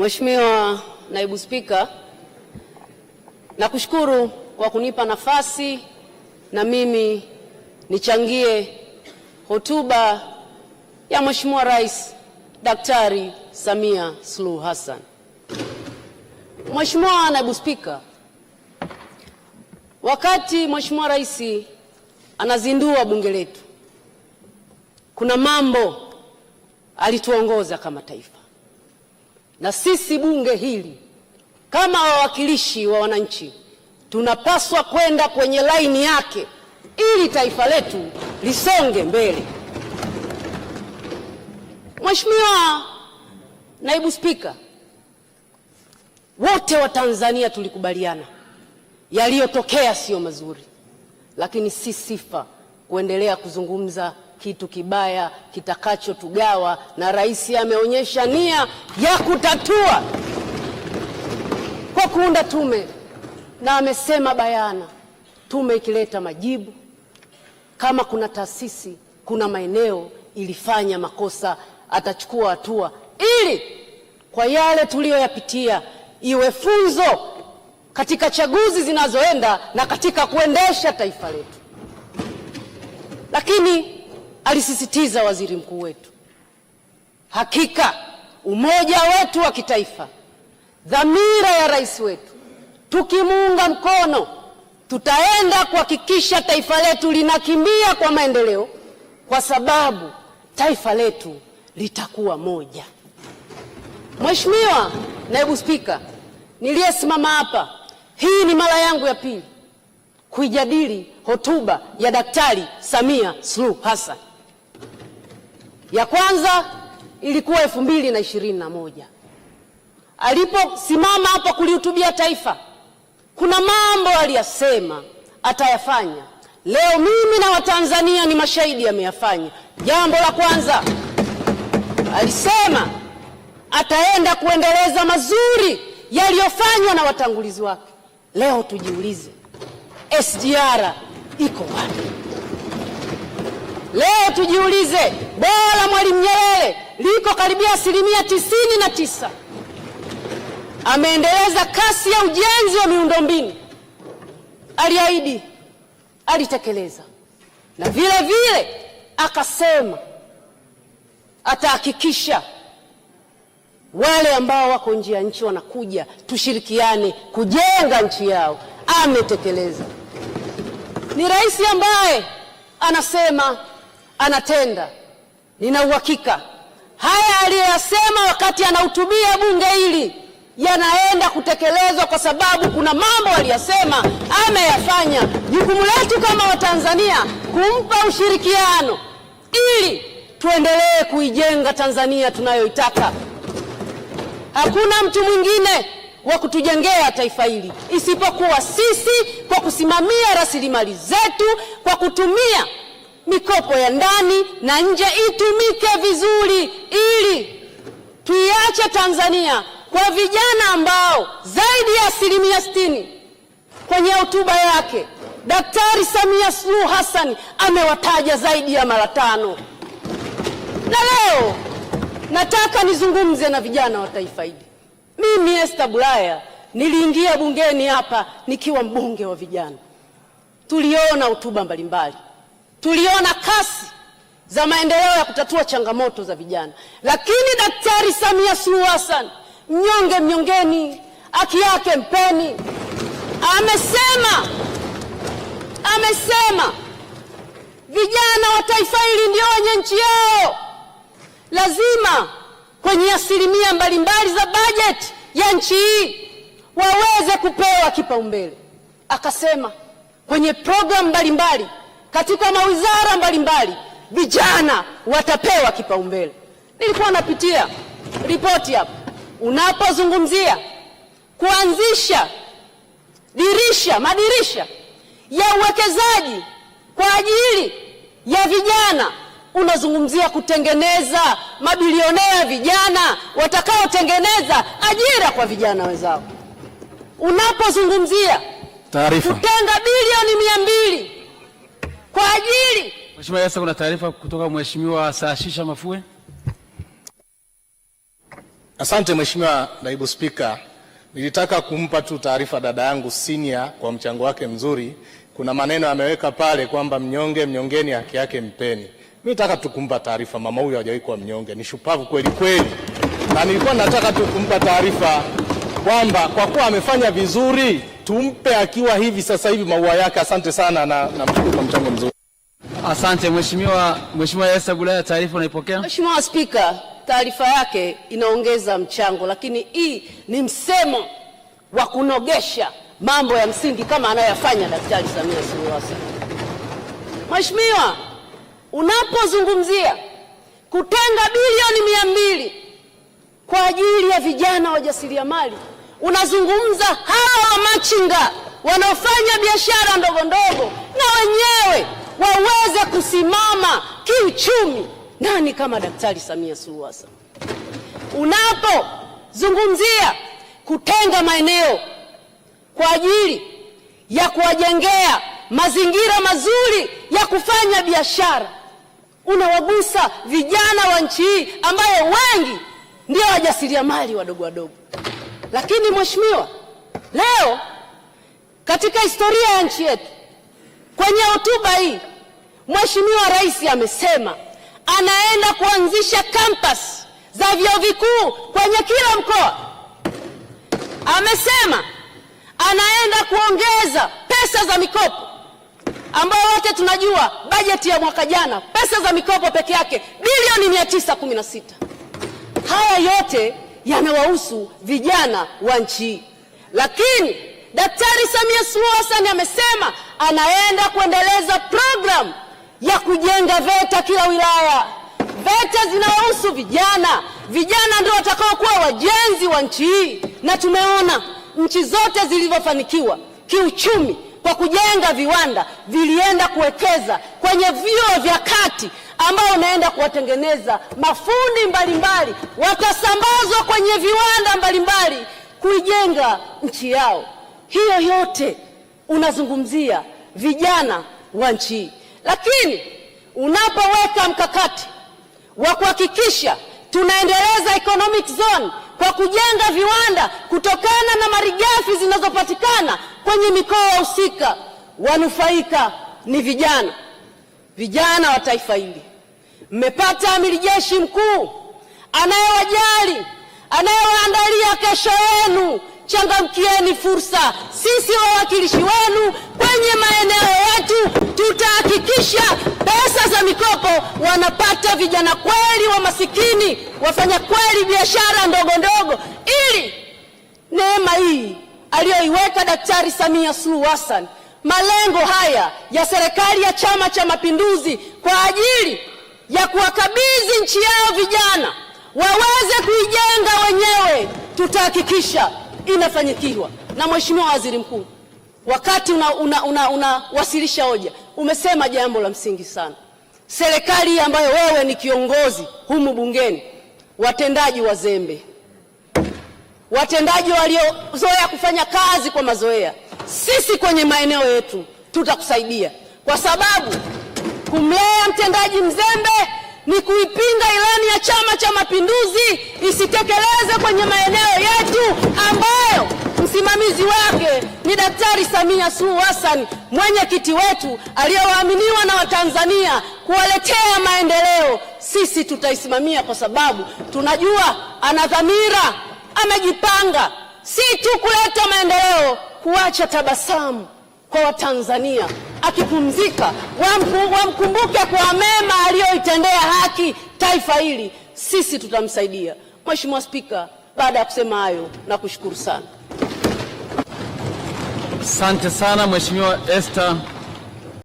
Mheshimiwa Naibu Spika, nakushukuru kwa kunipa nafasi na mimi nichangie hotuba ya Mheshimiwa Rais Daktari Samia Suluhu Hassan. Mheshimiwa Naibu Spika, wakati Mheshimiwa Rais anazindua bunge letu kuna mambo alituongoza kama taifa na sisi bunge hili kama wawakilishi wa wananchi tunapaswa kwenda kwenye laini yake ili taifa letu lisonge mbele. Mheshimiwa Naibu Spika, wote wa Tanzania tulikubaliana yaliyotokea siyo mazuri, lakini si sifa kuendelea kuzungumza kitu kibaya kitakachotugawa, na rais ameonyesha nia ya kutatua kwa kuunda tume, na amesema bayana, tume ikileta majibu kama kuna taasisi, kuna maeneo ilifanya makosa, atachukua hatua ili kwa yale tuliyoyapitia iwe funzo katika chaguzi zinazoenda na katika kuendesha taifa letu, lakini alisisitiza waziri mkuu wetu. Hakika umoja wetu wa kitaifa, dhamira ya rais wetu, tukimuunga mkono, tutaenda kuhakikisha taifa letu linakimbia kwa maendeleo, kwa sababu taifa letu litakuwa moja. Mheshimiwa Naibu Spika, niliyesimama hapa, hii ni mara yangu ya pili kuijadili hotuba ya Daktari Samia Suluhu Hassan. Ya kwanza ilikuwa elfu mbili na ishirini na moja aliposimama hapa kulihutubia taifa, kuna mambo aliyasema atayafanya. Leo mimi na Watanzania ni mashahidi, ameyafanya. Jambo la kwanza alisema ataenda kuendeleza mazuri yaliyofanywa na watangulizi wake. Leo tujiulize, SGR iko wapi? Leo tujiulize bora Mwalimu Nyerere liko karibia asilimia tisini na tisa. Ameendeleza kasi ya ujenzi wa miundombinu, aliahidi, alitekeleza, na vile vile akasema atahakikisha wale ambao wako nje ya nchi wanakuja, tushirikiane kujenga nchi yao. Ametekeleza. Ni rais ambaye anasema, anatenda. Nina uhakika haya aliyoyasema wakati anahutubia bunge hili yanaenda kutekelezwa, kwa sababu kuna mambo aliyosema ameyafanya. Jukumu letu kama Watanzania kumpa ushirikiano ili tuendelee kuijenga Tanzania tunayoitaka. Hakuna mtu mwingine wa kutujengea taifa hili isipokuwa sisi, kwa kusimamia rasilimali zetu, kwa kutumia mikopo ya ndani na nje itumike vizuri, ili tuiache Tanzania kwa vijana ambao zaidi ya asilimia sitini. Kwenye hotuba yake Daktari Samia Suluhu Hassan amewataja zaidi ya mara tano, na leo nataka nizungumze na vijana wa taifa hili. Mimi Esther Bulaya niliingia bungeni hapa nikiwa mbunge wa vijana, tuliona hotuba mbalimbali Tuliona kasi za maendeleo ya kutatua changamoto za vijana, lakini Daktari Samia Suluhu Hassan, mnyonge mnyongeni, haki yake mpeni, amesema amesema vijana wa taifa hili ndio wenye nchi yao. Lazima kwenye asilimia mbalimbali za bajeti ya nchi hii waweze kupewa kipaumbele. Akasema kwenye programu mbalimbali katika mawizara mbalimbali vijana watapewa kipaumbele. Nilikuwa napitia ripoti hapa, unapozungumzia kuanzisha dirisha madirisha ya uwekezaji kwa ajili ya vijana, unazungumzia kutengeneza mabilionea vijana watakaotengeneza ajira kwa vijana wenzao. Unapozungumzia taarifa kutenga bilioni mia mbili kwa ajili. Mheshimiwa Esa, kuna taarifa kutoka Mheshimiwa Saashisha Mafue. Asante Mheshimiwa Naibu Spika, nilitaka kumpa tu taarifa dada yangu senior kwa mchango wake mzuri. Kuna maneno ameweka pale kwamba mnyonge mnyongeni, haki yake mpeni. Mimi nataka tu kumpa taarifa, mama huyu hajawahi kuwa mnyonge, ni shupavu kweli kweli, na nilikuwa nataka tu kumpa taarifa kwamba kwa kuwa amefanya vizuri tumpe akiwa hivi sasa hivi maua yake. Asante sana na namshukuru kwa mchango mzuri. Asante mheshimiwa. Mheshimiwa Esther Bulaya, taarifa unaipokea? Mheshimiwa Spika, taarifa yake inaongeza mchango, lakini hii ni msemo wa kunogesha mambo ya msingi kama anayoyafanya Daktari Samia Suluhu Hassan. Mheshimiwa, unapozungumzia kutenga bilioni mia mbili kwa ajili ya vijana wajasiriamali unazungumza hawa wamachinga wanaofanya biashara ndogo ndogo na wenyewe waweze kusimama kiuchumi. Nani kama Daktari Samia Suluhu Hassan? Unapozungumzia kutenga maeneo kwa ajili ya kuwajengea mazingira mazuri ya kufanya biashara, unawagusa vijana wa nchi hii ambayo wengi ndio wajasiriamali wadogo wadogo. Lakini mheshimiwa, leo katika historia ya nchi yetu, kwenye hotuba hii mheshimiwa rais amesema anaenda kuanzisha campus za vyuo vikuu kwenye kila mkoa. Amesema anaenda kuongeza pesa za mikopo ambayo wote tunajua bajeti ya mwaka jana pesa za mikopo peke yake bilioni 916. Haya yote yanawahusu vijana wa nchi. Lakini Daktari Samia Suluhu Hassan amesema anaenda kuendeleza programu ya kujenga VETA kila wilaya. VETA zinawahusu vijana, vijana ndio watakaokuwa wajenzi wa nchi hii, na tumeona nchi zote zilivyofanikiwa kiuchumi kwa kujenga viwanda vilienda kuwekeza kwenye vyuo vya kati ambao unaenda kuwatengeneza mafundi mbalimbali watasambazwa kwenye viwanda mbalimbali kuijenga nchi yao. Hiyo yote unazungumzia vijana wa nchi hii, lakini unapoweka mkakati wa kuhakikisha tunaendeleza economic zone kwa kujenga viwanda kutokana na malighafi zinazopatikana kwenye mikoa husika, wanufaika ni vijana, vijana wa taifa hili. Mmepata amiri jeshi mkuu anayewajali, anayewaandalia kesho yenu. Changamkieni fursa. Sisi wawakilishi wenu kwenye maeneo yetu tutahakikisha pesa za mikopo wanapata vijana kweli wa masikini, wafanya kweli biashara ndogo ndogo, ili neema hii aliyoiweka Daktari Samia Suluhu Hassan, malengo haya ya serikali ya Chama cha Mapinduzi kwa ajili ya kuwakabidhi nchi yao vijana waweze kuijenga wenyewe, tutahakikisha inafanyikiwa. Na Mheshimiwa Waziri Mkuu, wakati unawasilisha una, una, una hoja umesema jambo la msingi sana. Serikali ambayo wewe ni kiongozi humu bungeni, watendaji wazembe, watendaji waliozoea kufanya kazi kwa mazoea, sisi kwenye maeneo yetu tutakusaidia kwa sababu Kumlea mtendaji mzembe ni kuipinga ilani ya Chama cha Mapinduzi isitekeleze kwenye maeneo yetu ambayo msimamizi wake ni Daktari Samia Suluhu Hassan, mwenyekiti wetu aliyowaaminiwa na Watanzania kuwaletea maendeleo. Sisi tutaisimamia kwa sababu tunajua ana dhamira, amejipanga si tu kuleta maendeleo, kuacha tabasamu kwa Watanzania akipumzika wamkumbuke kwa mema aliyoitendea haki taifa hili, sisi tutamsaidia. Mheshimiwa Spika, baada ya kusema hayo nakushukuru sana. Asante sana Mheshimiwa Esther.